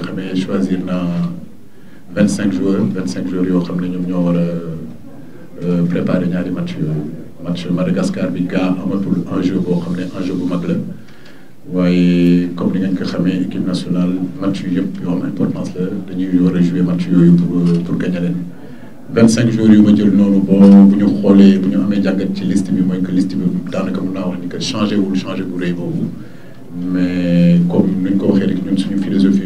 nga xamee choisir naa 25 joueurs 25 joueurs yoo xam ne ñoom ñoo war a euh, préparer ñaari match match Madagascar bi gaa amatul enjeu boo xam ne enjeu bu mag la waaye comme ni ngeen ko xamee équipe nationale match yu yëpp yoo am importance la dañuy war a jouer match yooyu pour pour gagner leen vingt cinq jours yu ma jël noonu bon bu ñu xoolee bu ñu amee jàngat ci liste bi mooy que liste bi daanaka mën naa wax ni que changé wul changé bu rëy boobu mais comme ni ko waxee rek ñun suñu philosophie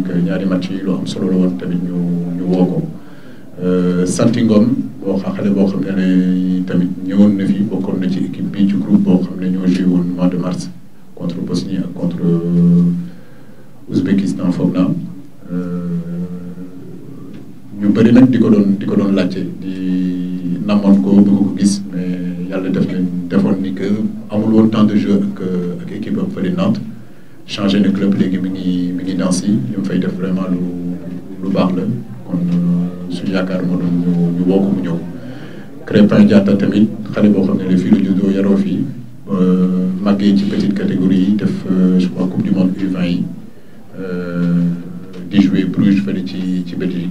ni que ñaari match yi lu am solo la woon tamit ñu ñu woo ko euh, Santy Ngom boo xa xale boo xam ne tamit ñëwoon na fi bokkoon na ci équipe bii ci groupe boo xam ne ñoo joué woon mois de mars contre Bosnie ak contre euh, Ouzbékistan foog naa euh, ñu bëri nag di ko doon di ko doon laajte di namoon ko bëgg ko gis mais yàlla def nañ defoon ni que amul woon temps de jeu ak ak équipe am fële Nantes changé de club légui mi ngi Nancy ñu fay def vraiment lu lu baax la kon euh, su yaakaar mo doon ñu ñu bokku ko mu ñëw. Crépin Diatta tamit xale bo xamné ne fii judo juddoo yaroo fii euh, ci petite catégorie yi def euh, je crois coupe du monde U20 euh di jouer Bruges fële ci ci Belgique.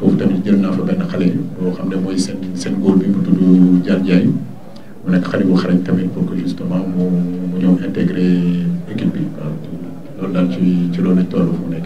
foofu tamit jël na fa benn xale boo xam ne mooy seen seen góor bi mu tudd Diar Ndiaye mu nekk xale bu xarañ tamit pour que justement mu mu ñëw intégré équipe bi waaw loolu daal ci ci loolu ne